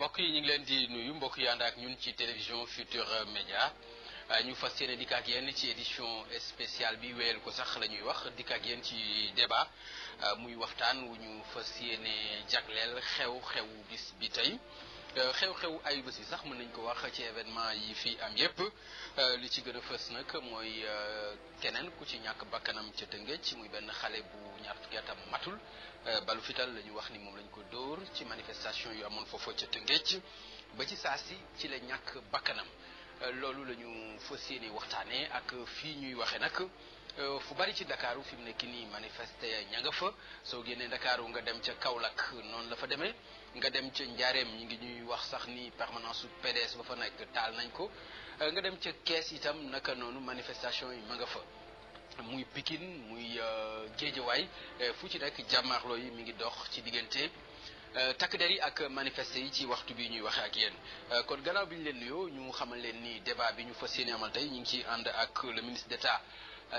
mbokk yi ñu ngi leen di nuyu mbokk yi ànd ak ñun ci télévision Futur Média euh, ñu fas yéene dikk ak yéen ci édition spéciale bi wéyal ko sax la ñuy wax dikk ak yéen ci débat euh, muy waxtaan wu ñu fas yéene jagleel xew-xewu bis bi tey. Euh, xew-xew ay bés sax mën nañ ko wax ci événement yi fii am yépp euh, li ci gën a fës nag mooy euh, keneen ku ci ñàkk bakkanam ca Tëngéej muy benn xale bu ñaar fukki matul balu fital la ñu wax ni moom lañ ko dóor ci manifestation yu amoon foofa ca Tëngéej ba ci saa si ci la ñàkk bakkanam loolu la ñu fas yéene waxtaanee ak fii ñuy waxe nag fu bari ci Dakar fi mu nekk nii manifester ña nga fa soo génnee Dakar nga dem ca Kaolack noonu la fa demee. nga dem ca njaareem ñi ngi ñuy wax sax ni permanence su PDS ba fa nekk taal nañ ko euh, nga dem ca kees itam naka noonu manifestation yi ma nga fa muy Pikine muy euh, Géejawaay euh, fu ci nekk jàmmaarloo yi mi ngi dox ci diggante takk der yi ak manifester yi ci waxtu bi ñuy waxee ak yéen kon gannaaw bi ñu leen nuyoo ñu xamal leen ni débat bi ñu fas yéene amal tey ñu ngi ciy ànd ak le ministre d'État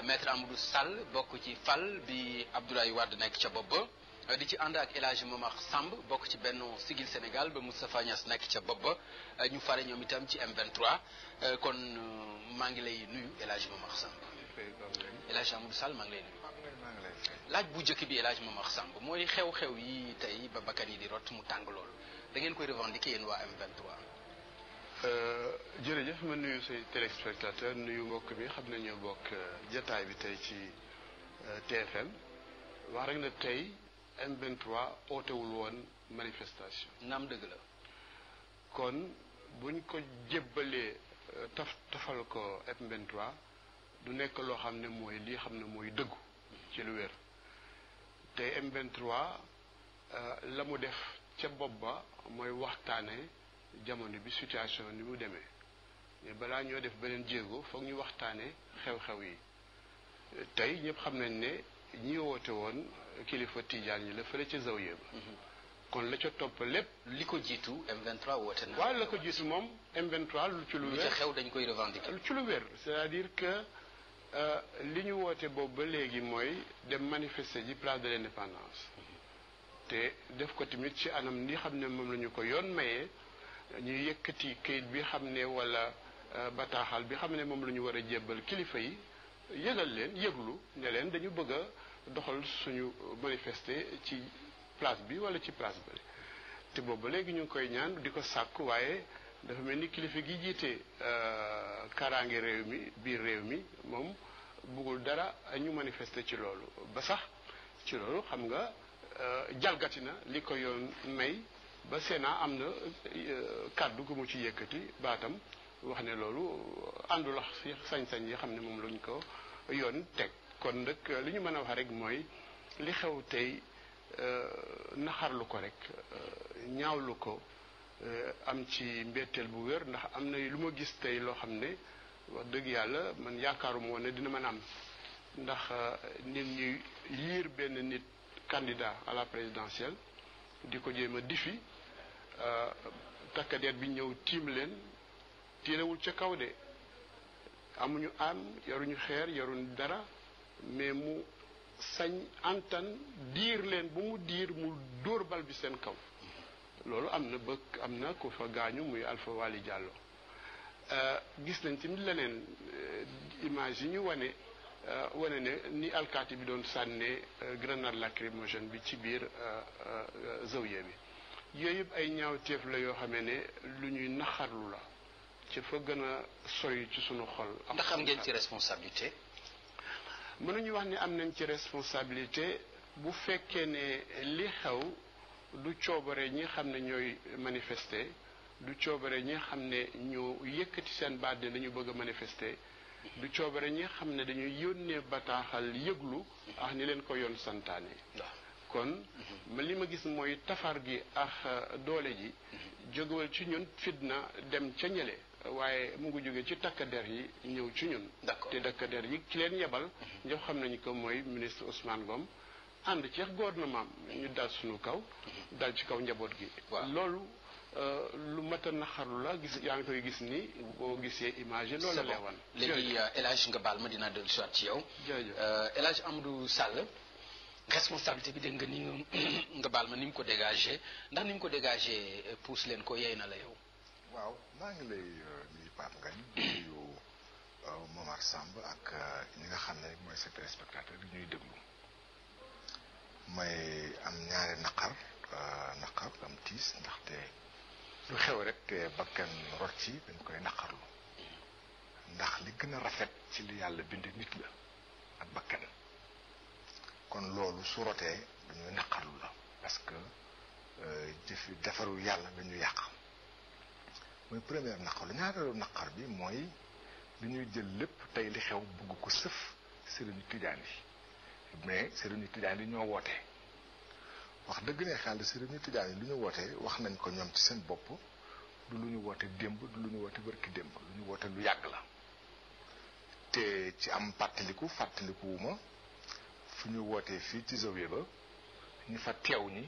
maître du Sall bokk ci fal bi Abdoulaye wadd nekk ca bopp ba Euh, di ci ànd ak El Hadj Momar Samb bokk ci benn Siggil Sénégal ba Moustapha Niass nekk ca bopp ba euh, ñu fare ñoom itam ci M23 euh, kon maa ngi lay nuyu El Hadj Momar Samb. El Hadj Amadou maa ngi lay nuyu. laaj bu njëkk bi El Hadj Momar Samb mooy xew-xew yi tey ba bakkan yi di rot mu tàng lool da ngeen koy revendiquer yéen waa M23. jërëjëf nuyu say téléspectateur nuyu mbokk bi xam ne ñoo bokk jataay bi tey ci TFM wax rek na tey. M23 ootewul woon manifestation. naam dëgg la. kon buñ ko jébbalee euh, taf tafal ko m du nekk loo xam ne mooy lii xam ne mooy dëggu ci lu wér te M23 euh, la mu def ca bopp ba mooy waxtaane jamono bi situation ni mu demee balaa ñoo def beneen jéego foog ñu waxtaane xew-xew yi tey ñëpp xam nañ ne ñi woote woon kilifa tijaan yi la fële ca zawiya ba mhm. kon la ca topp lépp. li ko jiitu M23 woote la ko jiitu moom M23 lu ci lu wér. xew dañ koy revendiquer. lu ci lu wér c'est-à-dire que euh, li ñu woote boobu ba léegi mooy dem manifester ji place de l'indépendance mhm. te def ko tamit ci anam ni xam ne moom la ñu ko yoon mayee ñuy yëkkati kayit bi xam ne walla euh, bataaxal bi xam ne moom la ñu war a jébbal kilifa yi. yëgal leen yëglu ne leen dañu bëgg a doxal suñu manifester ci place bi wala ci place ba te boobu ba léegi ñu ngi koy ñaan di ko sàkk waaye dafa mel ni kilifa gi jiite euh, karaange réew mi biir réew mi moom bëggul dara ñu manifester ci loolu ba sax ci loolu xam nga euh, jalgati na li ko yoon may ba Sénat am na euh, kàddu gu mu ci yëkkati baatam wax ne loolu àndul ak sañ-sañ yi xam ne moom lañ ko yoon teg kon nag li ñu mën a wax rek mooy li xew tey euh, naxarlu ko rek euh, ñaawlu ko euh, am ci mbetteel bu wér ndax am na lu ma gis tey loo xam ne wax dëgg yàlla man yaakaaruma woon ne dina mën a am ndax nit ñi liir benn nit candidat à la présidentielle di ko jéem a difi takkadeer bi ñëw tiim leen tiirewul ca kaw de amuñu arme yaruñu xeer yaruñu dara mais mu sañ antan diir leen bu mu diir mu dóor bal bi seen kaw loolu am na bëkk am na ku fa gaañu muy Alpha Wali Diallo euh, gis nañ tamit leneen euh, image yi ñu wane euh, wane ne ni alkaati bi doon sànnee grenade lacrymogène bi ci biir zawiya bi yooyu ay ñaaw ñaawteef la yoo xamee ne lu ñuy naxarlu la ci fa gën a sori ci sunu xol. ndax am ngeen ci responsabilité. mënuñu wax ni am nañ ci responsabilité bu fekkee ne li xew du coobare ñi xam ne ñooy manifester du coobare ñi xam ne ñu yëkkati seen baat ne dañu bëgg a manifester du coobare ñi xam ne dañu yónnee bataaxal yëglu ak ni leen ko yoon santaane kon mhm. li ma gis mooy tafar gi ak doole ji mhm. jógewal ci ñun fitna dem ca ñële waaye mu ngi jógee ci takk der yi ñëw ci ñun te takk der yi ci leen yebal mhm. ñoo xam nañu ko mooy ministre Ousmane Ngom ànd ceex ci gouvernement ñu dal suñu kaw mhm. dal ci kaw njaboot gi loolu euh, lu mat a naxarlu la gis yaa ngi koy gis ni boo gisee image loolu la leewan léegi euh, El Hadj nga baal ma dinaa dellu si ci yow euh, El Hadj Amadou Sall responsabilité bi dégg nga nga baal ma ni mu ko dégagé ndax ni mu ko dégagé pousse leen ko yey na la yow waaw maa ngi lay euh, nuyu Pape Ngagne nuyu euh, Samb ak euh, ñi nga xam ne mooy sa téléspectateur yi ñuy déglu may am ñaari naqar naqar am tiis ndaxte lu xew rek te bakkan rot ci dañ koy naqarlu ndax li gën a rafet ci li yàlla bind nit la ak bakkan kon loolu su rotee dañuy naqarlu la parce que jëfi defaru yàlla la ñu yàq muy première naqaru ñaareelu naqar bi mooy li ñuy jël lépp tey li xew bugg ko sëf sëriñu tijaan yi mais sëriñu tijaan yi ñoo woote wax dëgg ne xaalis sëriñu tijaan yi lu ñu woote wax nañ ko ñoom ci seen bopp du lu ñu woote démb du lu ñu woote bërki démb lu ñu woote lu yàgg la te ci am fàttaliku fàttaliku ma fu ñu wootee fii ci zawiya ba ñu fa teew ñi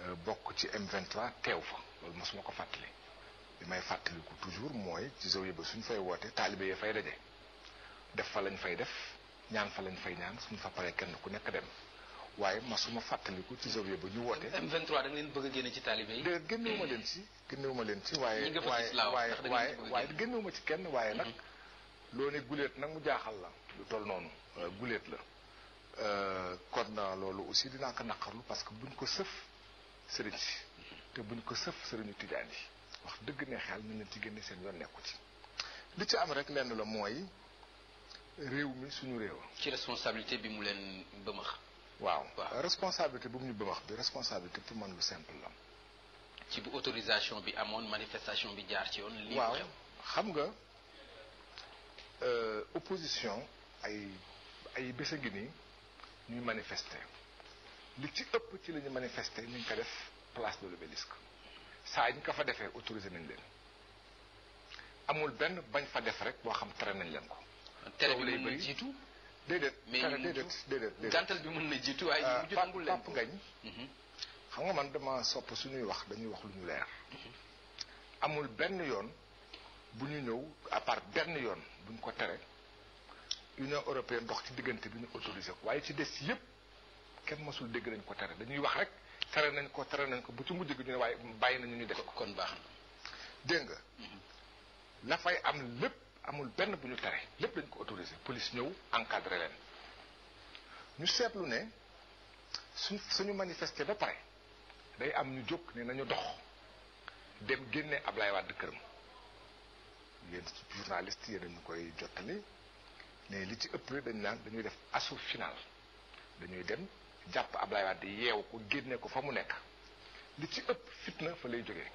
euh, bokk ci M23 teew fa loolu mosuma ko fàttali li may fàttaliku toujours mooy ci zow ba suñ fay woote taalibe ya fay daje def fa lañ fay def ñaan fa lañ fay ñaan suñ fa paree kenn ku nekk dem waaye ma suma fàttaliku ci zow ba ñu woote. M23 da ngeen bëgg a génne ci taalibe yi. déedéet génnewuma leen ci génnewuma leen ci. waaye waaye waaye waaye génnewuma ci kenn waaye nag. Mhm. loo ne guleet nag mu jaaxal la lu toll noonu euh, guleet la euh, kon loolu aussi dinaa ko naqarlu parce que buñ ko sëf sëriñ si mhm. te buñ ko sëf sëriñu tijaan wax dëgg ne xel mën leen ci génne seen yoon nekku ci li ci am rek lenn la mooy réew mi suñu réew. ci responsabilité bi mu leen bëmax. waaw responsabilité bu mu ñu bëmax bi responsabilité pour man lu simple la. ci bu autorisation bi amoon manifestation bi jaar ci yoon. lii waaw xam nga euh, opposition ay ay bés a ngi nii ñuy manifester li ci ëpp ci la ñu manifester ñu ngi ko def place de l'Obélisque saa yi ñu ko fa defee autorisé nañ leen amul benn bañ fa def rek boo xam tere nañ leen ko. tere bi mën na jiitu déedéet. mais déedéet déedéet gàntal bi mën na jiitu waaye euh, ñu mujj ngañ mhm. xam nga man dama sopp suñuy wax dañuy wax lu ñu leer. Mhm. amul benn yoon bu ñu ñëw à part benn yoon buñ ko tere Union européenne ndox ci diggante bi ñu autorisé ko waaye ci des yépp kenn mosul dégg nañ ko tere dañuy wax rek. tere nañ ko tere nañ ko bu ci mujj gi ñu ne waaye bàyyi nañu ñu def kon baax dégg nga la mhm. am lépp amul benn bu ñu tere lépp dañ ko autorisé police ñëw encadré leen ñu seetlu ne suñ suñu manifester ba pare day am ñu jóg ne nañu dox dem génne Ablaye Wade këram yéen journaliste yéen ñu koy jottali ne li ci ëpp dañ naan dañuy def assaut final dañuy dem jàpp Ablaye Wade yeew ko génnee ko fa mu nekk li ci ëpp fitna fa lay jógee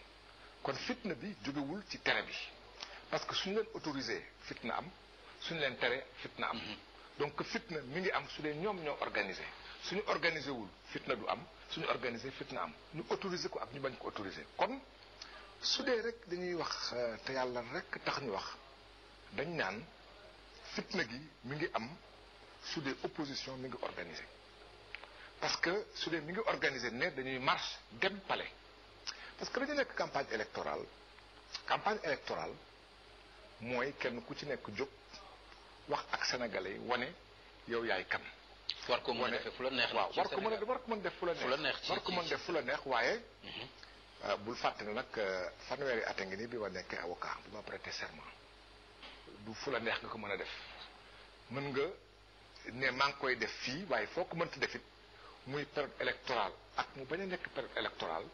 kon fitna bi jógewul ci tere bi parce que suñu leen autorisé fitna am suñu leen tere fitna am mhm. donc fitna mi ngi am su dee ñoom ñoo organisé suñu organisé wul fitna du am suñu organisé fitna am ñu autorisé ko ak ñu bañ ko autorisé kon su dee dañuy wax euh, te yàlla rek tax ñu wax dañ naan fitna gi mi ngi am su dee opposition mi ngi organisé parce que su dee mi ngi organiser ne dañuy marche dem palais parce que dañu nekk campagne électorale campagne électorale mooy kenn ku ci nekk jóg wax ak sénégalais yi wane yow yaay kan. war ko mën a def fu la neex waaw war ko mën war ko mën def fu la neex war ko mën def fu la waaye. Mhm. Euh, bul fàtte nag euh, fanweeri at a ngi nii bi ma nekkee avocat bi ma prêté serment fu la neex nga ko mën a def mën nga ne maa ngi koy def fii waaye foo ko mënti defit muy période électoral ak mu bañ nekk période électorale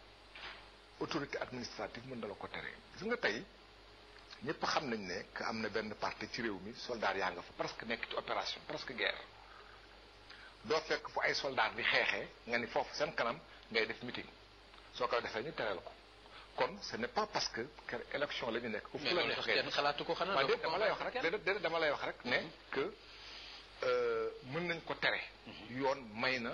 autorité administrative mën na la ko tere su nga tey ñëpp xam nañ ne que am na benn parti ci réew mi soldat yaa nga fa presque nekk ci opération presque guerre doo fekk fu ay soldat di xeexee nga ni foofu seen kanam ngay def meeting soo ko defee ñu tereel ko kon ce ne pas parce que ker élection la ñu nekk. mais loolu sax kenn xalaatu ko xanaa dama lay wax rek déedéet dama lay wax rek ne mm-hmm. que euh, mën nañ ko tere. Mm-hmm. yoon may na.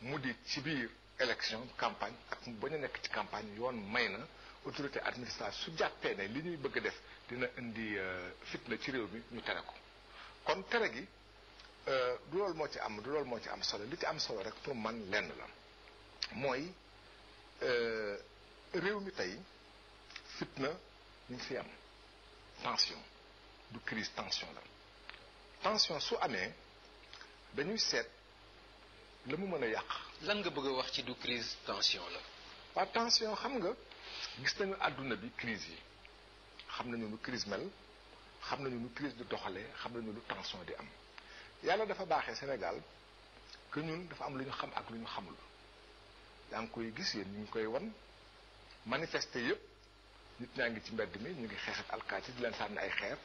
mu di ci biir élection campagne ak mu bañ nekk ci campagne yoon may na autorité administration su jàppee ne li ñuy bëgg a def dina indi euh, fitna ci réew mi ñu tere ko kon tere gi euh, du loolu moo ci am du loolu moo ci am solo li ci am solo rek pour man lenn la mooy euh, réew mi tey fitna ñu ngi fi am tension du crise tension la tension su amee dañuy seet la mu mën a yàq. lan nga bëgg a wax ci du crise tension la. par tension xam nga gis nañu àdduna bi crise yi xam nañu nu crise mel xam nañu nu crise di doxalee xam nañu lu tension di am yàlla dafa baaxee Sénégal que ñun dafa am lu ñu xam ak lu ñu xamul yaa ngi koy gis yéen ñu ngi koy wan manifester yëpp nit ñaa ngi ci mbedd mi ñu ngi xeex ak alkaati di leen sànni ay xeer.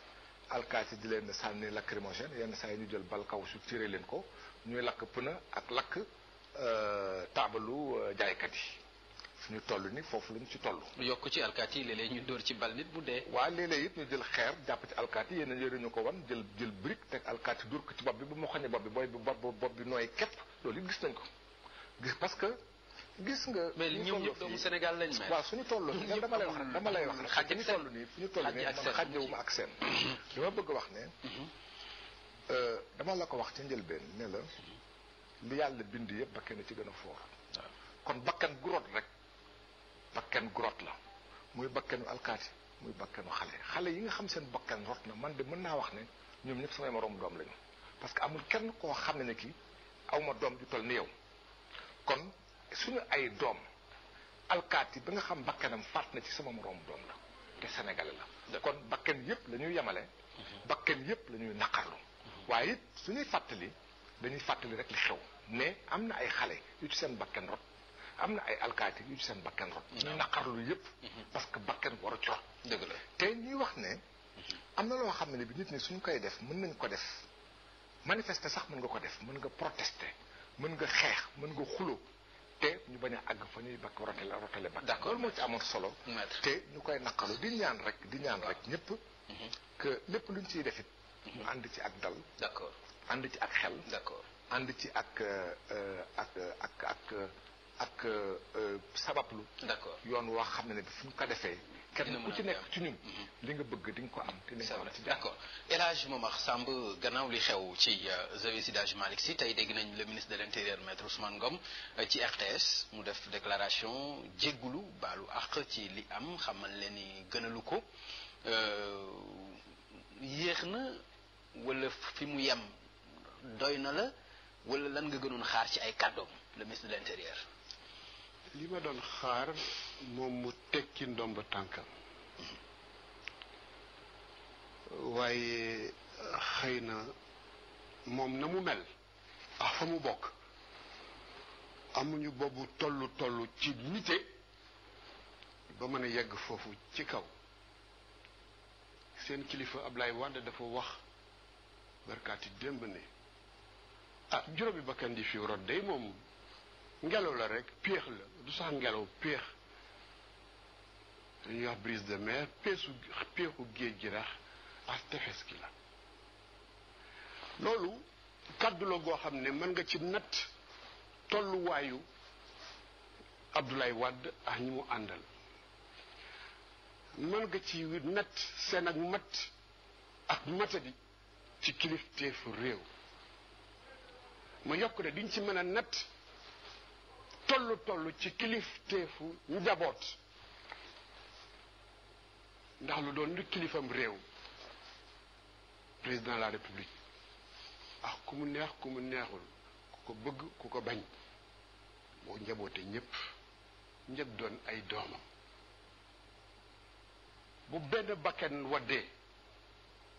alkaati di leen sànni lacrymogène yenn saa yi ñu jël bal kaw su tiré leen ko ñuy lakk pneu ak lakk euh, taabalu euh, jaaykat yi fu ñu toll ni foofu lañ ci toll. yokk ci alkaati yi léeg-léeg ñu dóor ci bal nit bu dee. waa léeg-léeg ñu jël xeer jàpp ci alkaati yenn yére ñu ko wan jël jël brique te alkaati dóor ko ci bopp bi bu mu xañee bopp bi booy bi bopp bi nooy képp loolu it gis nañ ko gis gis nga. mais ñoom ñëpp doomu Sénégal lañ may. waaw suñu toll nii dama lay wax rek dama lay wax rek. xaj ak seen fu ñu toll nii man xajewuma ak seen. dama bëgg wax ne. Mhm. Euh, dama la ko wax ca njëlbeen ne la lu yàlla bind yëpp bakkan ci gën a foor. kon bakkan grotte rek bakkan grotte la muy bakkanu alkaati muy bakkanu xale xale yi nga xam seen bakkan rot na man de mën naa wax ne ñoom ñëpp samay moroom doom lañu parce que amul kenn koo xam ne ne kii awma doom ju toll ni yow kon. suñu ay doom alkaati ba nga xam bakkanam fàtt na ci sama moroom doom la te sénégalais la kon bakkan yépp la ñuy yemale mhm. bakkan yépp la ñuy naqarlu mhm. waaye it suñuy fàttali dañuy fàttali rek li xew mais am na ay xale yu ci seen bakkan rot am na ay alkaati yu ci seen bakkan rot mhm. ñu naqarlu yépp parce que bakken war a cor dëgg la te ñuy wax ne am na loo xam ne bi nit ñi suñu koy def mën nañ ko def manifester sax mën nga ko def mën nga protester mën nga xeex mën nga xuloo te ñu bañ a àgg fa ñuy bakk rotale rotale bakk. d'accord loolu moo ci amoon solo. te ñu koy naqalu di ñaan rek di ñaan rek ñépp mm-hmm. que lépp luñ ciy defit ñu mm-hmm. ànd ci ak dal. d'accord ànd ci ak xel. d'accord ànd ci ak euh, ak ak ak ak euh, sabablu. d'accord yoon woo xam ne ne bi fu ñu ko defee. kenn ku ci nekk ci ñun mm-hmm. li nga bëgg di ko am te ni d'accord El Hadj Momar Samb gannaaw li xew ci euh, Zewis Idage Malick Sy tey dégg nañ le ministre de l'intérieur maître Ousmane Ngom euh, ci RTS mu def déclaration jéggulu baalu àq ci li am xamal leen ni gënalu ko euh, yéex na wala fi mu yem doy na la wala lan nga gënoon xaar ci ay kàddoom le ministre de l'intérieur li ma doon xaar moom mu tekki ndomb tànkam waaye xëy na moom na mu mel ah fa mu bokk amuñu boobu tollu tollu ci nite ba mën a yegg foofu ci kaw seen kilifa Ablaye Wade dafa wax barkaati démb ne ah juróomi bakkan di fi day moom ngelaw la rekk péex la du sax ngelaw péex dañuy wax brise de mer peesu géej gi rax ak tefes gi la loolu kàddula goo xam ne mën nga ci natt tolluwaayu Abdoulaye wàdd ak ñi mu àndal mën nga ci natt seen ak mat ak matadi ci kilifteefu réew ma yokk ne diñ ci mën a natt tollu tollu ci kilif kilifteefu njaboot ndax lu doon lu kilifam réew président la république ah ku mu neex ku mu neexul ku ko bëgg ku ko bañ moo njaboote ñépp ñépp doon ay doomam bu benn bakken waddee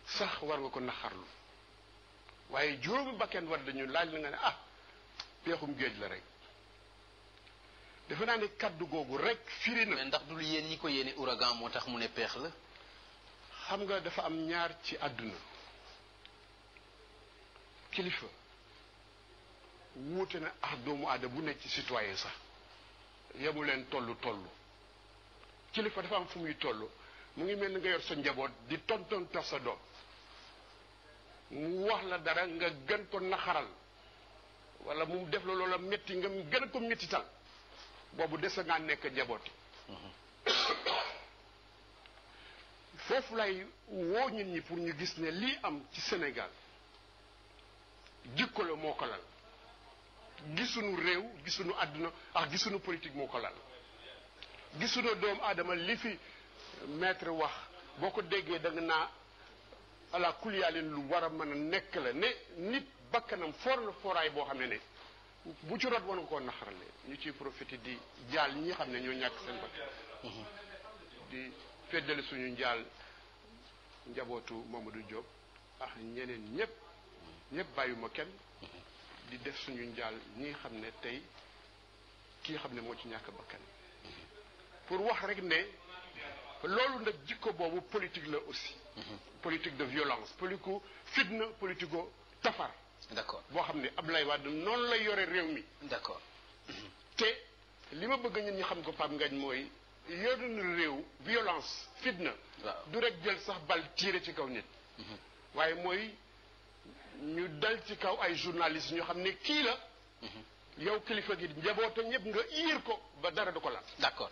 sax war nga ko naxarlu waaye juróomi bakken wadde ñu laaj la nga ne ah peexum géej la rek defe naa ne kaddu googu rek firi ndax du yéen ñi ko yéene ouragan moo tax mu ne peex la. xam nga dafa am ñaar ci àdduna kilifa wuute na ak doomu aadama bu nekk ci citoyen sax yemu leen tollu tollu kilifa dafa am fu muy tollu mu ngi mel ni nga yor sa njaboot di tonton tax sa doom mu wax la dara nga gën ko naxaral wala mu def la loolu metti nga gën a ko mettital boobu dese ngaa nekk njaboot foofu lay woo nit pour ñu gis ne lii am ci Sénégal jikko la moo ko lal gisuñu réew gisuñu àdduna ak gisuñu politik moo ko lal gisuñu doomu aadama li fi maître wax boo ko déggee da nga naa ala kuliyaalin lu war a mën a nekk la ne nit bakkanam for la foraay boo xam ne ne bu ci rot woon koo naxarale ñu ciy profité di jaal ñii xam ne ñoo ñàkk seen bakk mhm. di feddali suñu njaal njabootu du Diop ak ñeneen ñëpp ñëpp bàyyuma kenn mhm. di def suñu njaal ñi xam ne tey kii xam ne moo ci ñàkk bakkan mhm. pour wax rek ne loolu nag jikko boobu politique la aussi politique de violence politiku fitna politiko tafar d'accord boo xam ne ab lay Abdoulaye Wade noonu lay yore réew mi. d'accord te li ma bëgg ñun ñu xam ko Pape Ngagne mooy yore na réew. violence fitna. du rek jël sax bal tiire ci kaw nit. Mhm. waaye mooy ñu dal ci kaw ay journalistes ñu xam ne kii la. Mhm. yow kilifa gi njaboota ñëpp nga iir ko. ba dara du ko laal. d'accord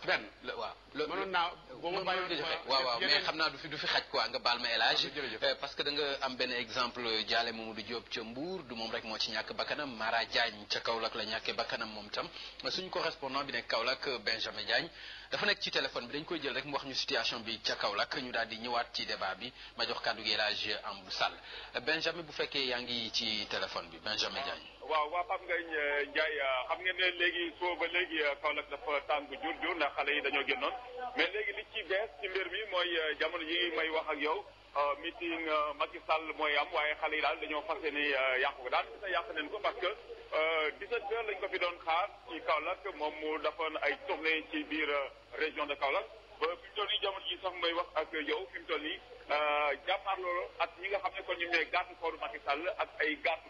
waaw. ma bàyyi jërëjëf waaw waaw mais xam naa du fi du fi xaj quoi nga baal ah, euh, da am benn exemple jaale Mamadou Diop ca Mbour du moom rek moo ci ñàkk bakkanam Mara Diagne ca Kaolack la ñàkkee bakkanam moom tam suñu correspondant bi nekk Kaolack Benjamin Diagne dafa nekk ci téléphone bi dañ koy jël rek mu wax ñu situation bi ca Kaolack ñu daal di ñëwaat ci débat bi ma jox kàddu gi élage am bu sàll Benjamin bu fekkee yaa ngi ci téléphone bi Benjamin Diagne waaw waa Pape Ngagne euh, Ndiaye euh, xam ngeen dafa tàng jur jur ndax xale yi dañoo génnoon mais léegi li ci bees ci mbir mi mooy euh, jamono yi may wax ak yow euh, meeting euh, Macky Sall mooy am waaye xale yi daal dañoo fas ni yàqu ko daal sa yàq nañ ko parce que 17 heures lañ ko fi doon xaar ci Kaolack moom mu defoon ay tournée ci biir région de Kaolack ba fi mu toll nii jamono ji sax may wax ak yow fi mu toll nii jàmmaarloo ak ñi nga xam ne kon ñu ne garde corps ak ay garde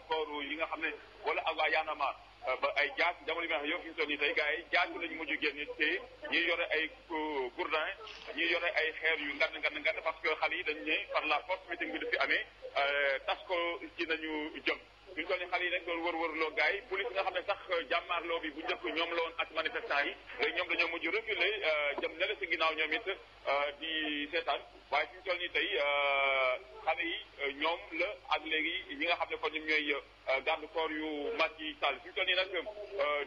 yi nga xam ne wala ak waa Yanamar ba ay jaas jamono bi nga xam yow fi ñu yi nii tey gars yi jaas lañu mujj génn te ñi yore ay euh, gourdin ñi yore ay xeer yu ngand ngand ngand parce que xale yi dañu ne par la force meeting bi du fi amee euh, tas ko ci nañu jëm. fi ñu toll nii xale yi dañ doon wër-wërloo loo yi police nga xam ne sax euh, jàmmaarloo bi bu njëkk ñoom la woon ak manifestant yi ñoom dañoo mujj reculer euh, jëm ne la si ginnaaw ñoom it euh, di seetaan waaye fi ñu toll nii tey xale yi ñoom la ak léegi ñi nga xam ne kon ñoom ñooy garde corps yu mat yi tàll fi ñu toll nii nag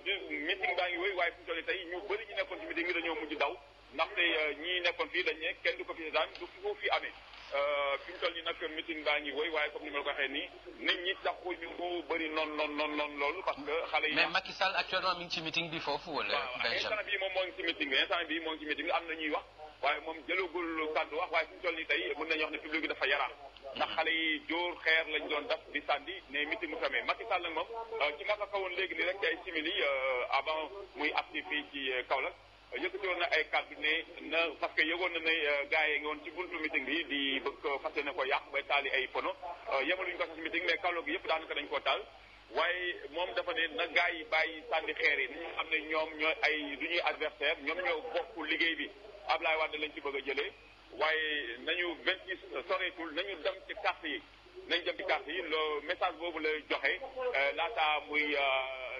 di meeting baa ngi wéy waaye fi ñu toll nii tey ñu bëri ñu nekkoon ci meeting bi dañoo mujj daw ndaxte ñii nekkoon fii dañ ne kenn du ko fi seetaan du Euh, fi mu toll nii nag meeting baa ngi woy waaye comme ni ma la ko waxee nii nit ñi taxu ñu ko bëri noonu noonu noonu noonu loolu parce que xale yi mais Macky Sall ci meeting bi foofu wala instant bii moom moo ngi ci meeting bi instant bii moo ngi ci meeting am na ñuy wax waaye moom jëlagul kàddu wax waaye fi mu toll tey mën nañu wax ne public bi dafa yaraax ndax xale yi jóor xeer lañ doon daf di sànni ne meeting mu xamee Macky Sall nag moom euh, ci ma ko kawoon léegi nii rek ci ay simili euh, yëkkati woon na ay kàddu ne na parce que yëgoon na ne euh, gars yi ngi woon ci buntu meeting bi di bëgg fas yéene ko yàq bay taali ay pono euh, yemaluñu ko sax meeting mais kàlloo gi yëpp daanaka dañ ko taal waaye moom dafa ne na gaa yi bàyyi sànni xeer yi nañu xam ne ñoom ñooy ay du ñuy adversaire ñoom ñoo bokk liggéey bi Ablaye Wade lañ ci bëgg a jëlee waaye nañu vingt six soreetul nañu dem ci carte yi nañ dem ci carte yi loo message boobu la joxe euh, laata muy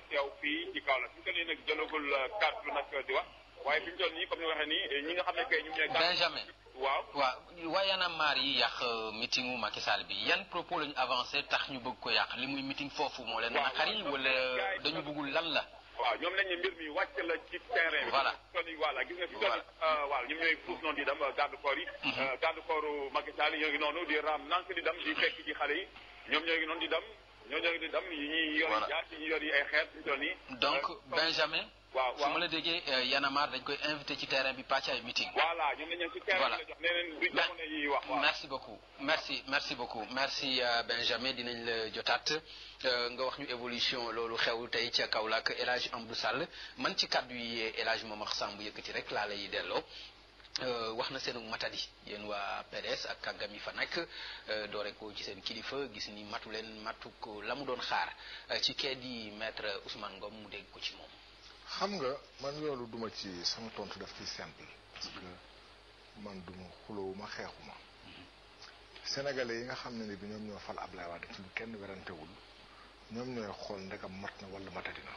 teew fii ci Kaolack su ko nee nag jëlagul carte nag di wax waaye fi ñu toll nii comme waxee nii ñi nga xam ne kay ñu ne. Benjamin waaw waaw waaye yana maar yi yàq euh, meeting wu Macky Sall bi yan propos la ñu avancé tax ñu bëgg ko yàq li muy meeting foofu moo leen. naqari wala euh, dañu bëggul lan la. waaw ñoom lañ ne mbir mi wàcc la ci terrain bi. voilà voilà gis nga fi toll euh, waaw ñoom ñooy fuuf noonu di dem garde corps yi. Mhm. garde corps Macky Sall ñoo ngi di raam nank di dem di fekk ci xale yi ñoom ñoo ngi noonu di dem ñoo ñoo ngi di dam yi ñuy yor yi jaar ñi yor yi ay xeet fi ñu toll nii. donc Benjamin. waaw waaw su ma la déggee euh, yanamar dañ koy invité ci terrain bi pàcc ay meeting. voilà ñoom ñoo ci terrain la jox neneen du jamono yi wax merci beaucoup merci merci merci euh, Benjamin dinañ la jotaat euh, nga wax ñu évolution loolu xew tey ca Kaolack El Hadj Amadou Sall man ci kàddu yi El Hadj Momar Samb yëkkati rek laala yi delloo. wax na seenu matadi yéen waa PDS ak kàggam fa nekk doore ci seen kilifa gis ni matu leen matu ko la mu doon xaar ci kee di maître Ousmane Ngom mu dégg ko ci moom. xam nga man yoolu duma ci sama tontu daf ci simple parce que man duma xulowuma xeexuma sénégalais yi nga xam ne ni bi ñoom ñoo fal Ablaye Wade ci lu ñoom ñooy xool ndegam mat na wala matadina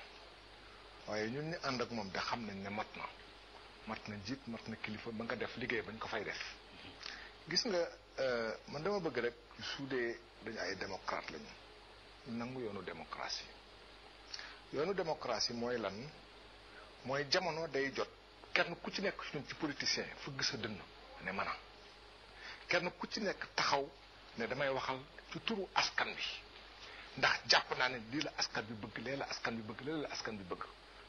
waaye ñun ñi ànd ak moom de xam nañ ne mat na mat na jiit mat na kilifa ba nga def liggéey bañ ko fay def gis nga euh, man dama bëgg rek su dee dañu ay démocrate lañu nangu yoonu démocratie yoonu démocratie mooy lan mooy jamono day jot kenn ku ci nekk ñun ci politicien fëgg sa dënn ne maanaam kenn ku ci nekk taxaw ne damay waxal ci turu askan bi ndax jàpp naa ne lii la askan bi bëgg lee la askan bi bëgg la askan bi bëgg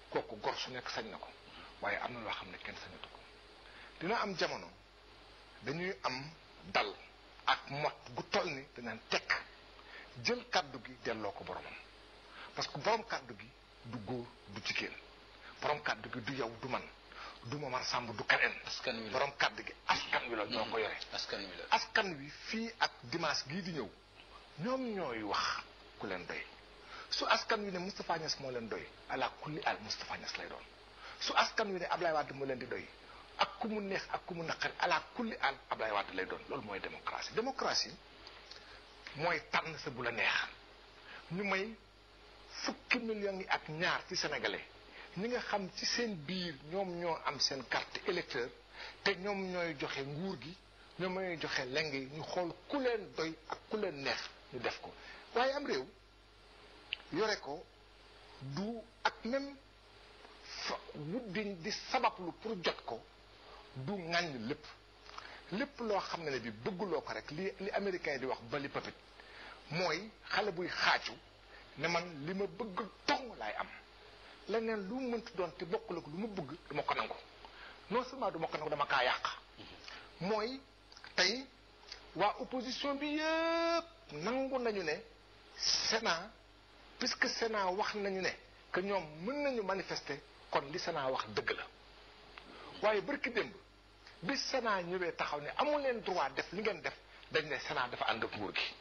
kooku gor su nekk sañ na ko waaye am na loo xam ne kenn sañatu ko dina am jamono dañuy am dal ak mot gu toll ni danaan tekk jël kàddu gi delloo ko boromam parce que borom kàddu gi du góor du jigéen borom kàdd gi du yow du man du Momar Samb du keneen. askan wi borom kàdd gi askan wi la ñoo mm-hmm. ko yore. askan wi askan wi fii ak dimaas gii di ñëw ñoom ñooy wax ku leen doy su askan wi ne Moustapha Niass moo leen doy ala kulli al Moustapha Niass lay doon su askan wi ne Ablaye Wade moo leen di doy ak ku mu neex ak ku mu naqari ala kulli al Ablaye Wade lay doon loolu mooy démocratie démocratie mooy tànn sa bu la neex ñu may fukki millions ngi ak ñaar ci sénégalais. ni nga xam ci seen biir ñoom ñoo am seen carte électeur te ñoom ñooy joxe nguur gi ñoom ñooy joxe leng yi ñu xool ku leen doy ak ku leen neex ñu def ko waaye am réew yore ko du ak même fa wuddiñ di sabablu pour jot ko du ŋàññ lépp lépp loo xam ne ne bi bëgguloo ko rek li li américain di wax bali papit mooy xale buy xaaju ne man li ma bëgg dong laay am leneen lu mu mënti doon te bokkul ak lu mu bëgg du ma ko nangu non seulement du ma ko nangu dama kaa yàq mooy tey waa opposition bi yëpp nangu nañu ne Sénat puisque Sénat wax nañu ne que ñoom mën nañu manifester kon li Sénat wax dëgg la waaye barki démb bi Sénat ñëwee taxaw ne amul leen droit def li ngeen def dañ ne Sénat dafa ànd ak gi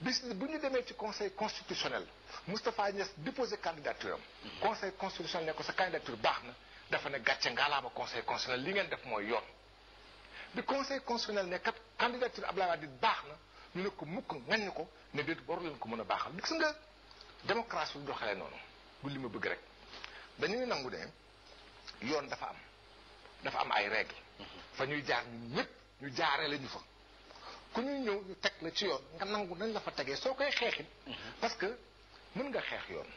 bis bu ñu demee ci conseil constitutionnel Moustapha Niass déposé candidature am. Mhm. conseil constitutionnel ne ko sa candidature baax na dafa ne gàcce ngaalaama conseil constitutionnel li ngeen def mooy yoon. bi conseil constitutionnel ne kat candidature Abdoulaye Wade baax na ñu ne ko mukk ngañ ko ne déet waru leen ko mën a baaxal gis nga démocratie lu doxalee noonu bu li ma bëgg rek dañuy nangu ne yoon dafa am dafa am ay règles. Mhm. fa ñuy jaar ñun ñu jaaree la ñu fa. ku ñu ñëw ñu teg la ci yoon nga nangu nañ la fa tegee soo koy xeexit mhm. parce que mën nga xeex yoon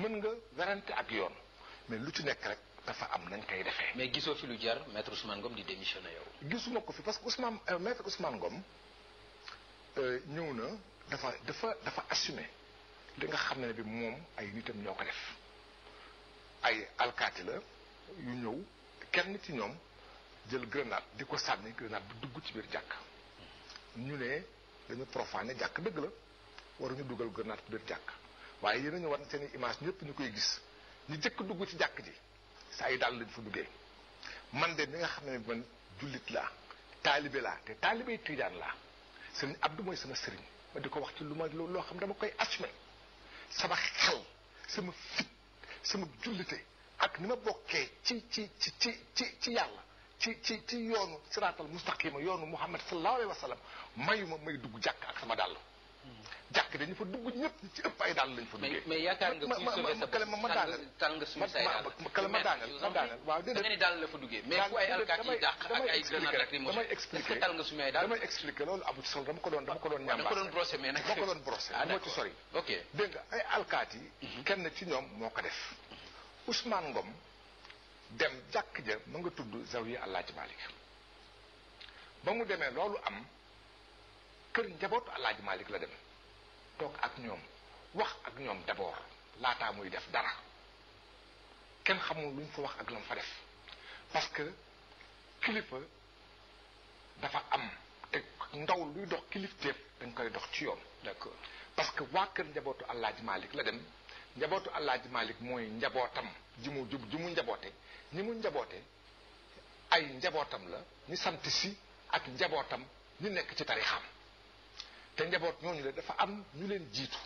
mën nga werante ak yoon mais lu ci nekk rek dafa am nañ koy defee mais gisoo fi lu jar maître Ousmane Ngom di démissionné yow gisuma ko fi parce que Ousmane euh, maître Ousmane Ngom euh, ñëw na dafa dafa dafa assumé li nga xam ne bi moom ay nitam ñoo ko def ay alkaati la yu ñëw kenn ci ñoom jël grenade di ko sànni grenade bu dugg ci biir jàkk ñu ne dañu profané jàkk dëgg la waruñu dugal grenade biir jàkk waaye yéen ñu war na i image ñëpp ñu koy gis ñu jëkk dugg ci jàkk ji saa yi daal lañ fa duggee man de mi nga xam ne man jullit laa taalibe laa te taalibe tiijaan laa sëriñ du mooy sama sëriñ ma di ko wax ci lu ma loo xam dama koy assumé sama xel sama fit sama jullite ak ni ma bokkee ci ci ci ci ci ci yàlla ci ci ci yoonu siraatal mustaqima yoonu Muhammad sallallahu alayhi wa sallam mayuma may dugg jàkk ak sama dàll. jàkk dañu fa dugg ñëpp ci ëpp ay daal lañ fa duggee. mais yaakaar nga kuy sauver sa bopp tàng tàng say daal ma kale ma ma daaneel waaw déedéet da nga ay alkaat yi dàq ay grenade ko doon dama ko doon ñambaas dama ko doon brossé mais nag dama ko doon brossé ah, dama mhm. kenn ci ñoom moo ko def mhm. Ousmane Ngom dem jàkk ja ma nga tudd zawiya Alaaji Malik ba mu demee loolu am kër njabootu Alaaji Malik la dem toog ak ñoom wax ak ñoom d'abord laata muy def dara kenn xamul luñ ñu wax ak lam fa def parce que kilifa dafa am te ndaw luy dox kilifteef dañ koy dox ci yoon. d'accord parce que waa kër njabootu Alaaji Malik la dem njabootu Alaaji Malik mooy njabootam. ji mu ji mu njaboote ñi mu njaboote ay njabootam la ñu sant si ak njabootam ñu nekk ci tarixam te njaboot ñooñu le dafa am ñu leen jiitu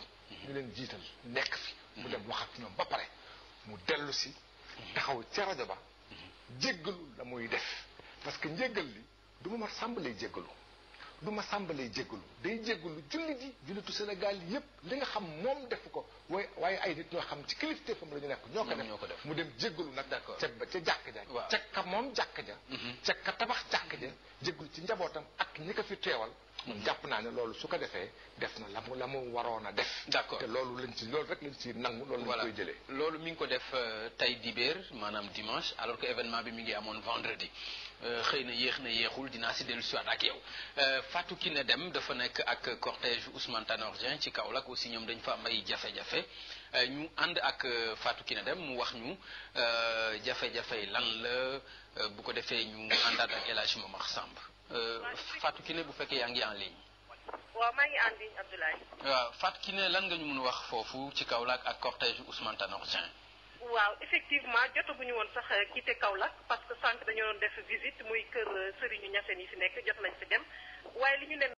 ñu leen jiital nekk fi mu dem wax ñoom ba pare mu dellu si taxaw ca rajo ba jéggalu la muy def parce que njéggal li duma ma ma sàmbalee jéggalu du ma sàmbalee jéggalu day jéggalu jullit yi jullitu Sénégal yépp li nga xam moom def ko ay nit ñoo xam ci kilifteefam la ñu nekk ñoo ko def mu dem jéggalu nag ca ca jàkk ja ca ka moom jàkk ja mm-hmm. ca ka tabax jàkk ja jéggalu ci njabootam ak ñi ko fi teewal mm-hmm. jàpp naa ne loolu su ko defee def na la mu la mu waroon a def. d'accord te loolu lañ ci loolu rek lañ ci nangu. loolu lañ jëlee loolu mi ngi ko def euh, tey dibéer maanaam dimanche alors que événement bi mi ngi amoon vendredi euh, xëy na yéex na yéexul dinaa si dellu siwaat ak yow ki ne dem dafa nekk ak cortège Ousmane Tanor Dieng ci Kaolack aussi ñoom dañ fa am ay jafe-jafe. Euh, ñu ànd ak euh, Fatou Kiné Deme mu wax ñu euh, jafe-jafe lan la bu ko defee ñu àndaat ak El Hadj Momar Samb Fatou Kiné bu fekkee yaa ngi en ligne. waaw maa ngi en ligne Abdoulaye. waaw Fatou Kiné lan nga ñu mun wax foofu ci Kaolack ak cortège Ousmane Tanor Dieng. waaw effectivement jotaguñu woon sax quitté Kaolack parce que sànq dañoo doon def visite muy kër Serigne Niassène yi fi nekk jot nañ fi dem waaye li ñu leen